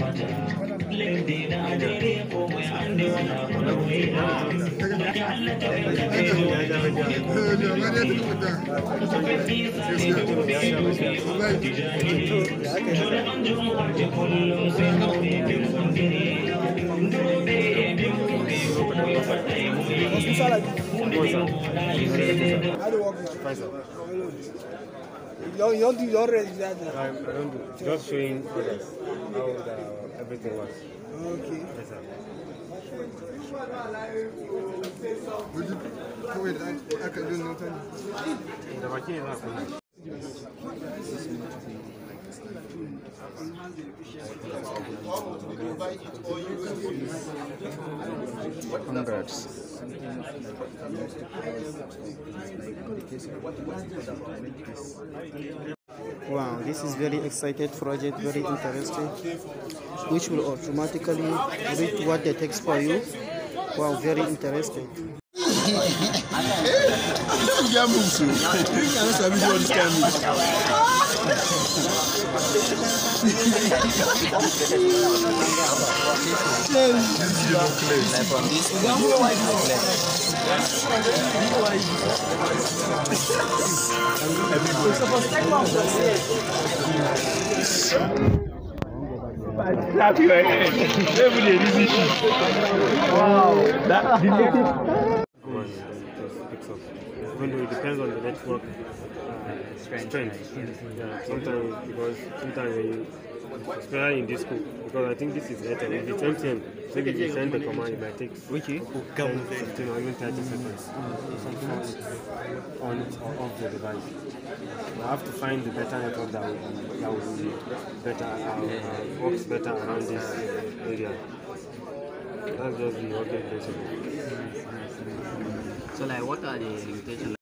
fata da ajere ko mai an wala kula wai ya Allah ta bai ka ne da kundiri dole ko da You don't, do your already that. I, don't do. Just showing others how the, everything works. Okay. Yes, sir. The vaccine is not for Congrats. Wow, this is very excited project, very interesting, which will automatically read what the text for you. Wow, very interesting. you don't play. know you don't play. Everybody. it depends on the network uh, strength, strength. Yeah, sometimes because sometimes especially in this cook because I think this is better. If it's empty, maybe if you send the command, it might take 10, 15 or even 30 seconds on it off the device. I have to find the better network that will, that will be better, uh, works better around this area. That's just the working principle. So, like, what are the limitations?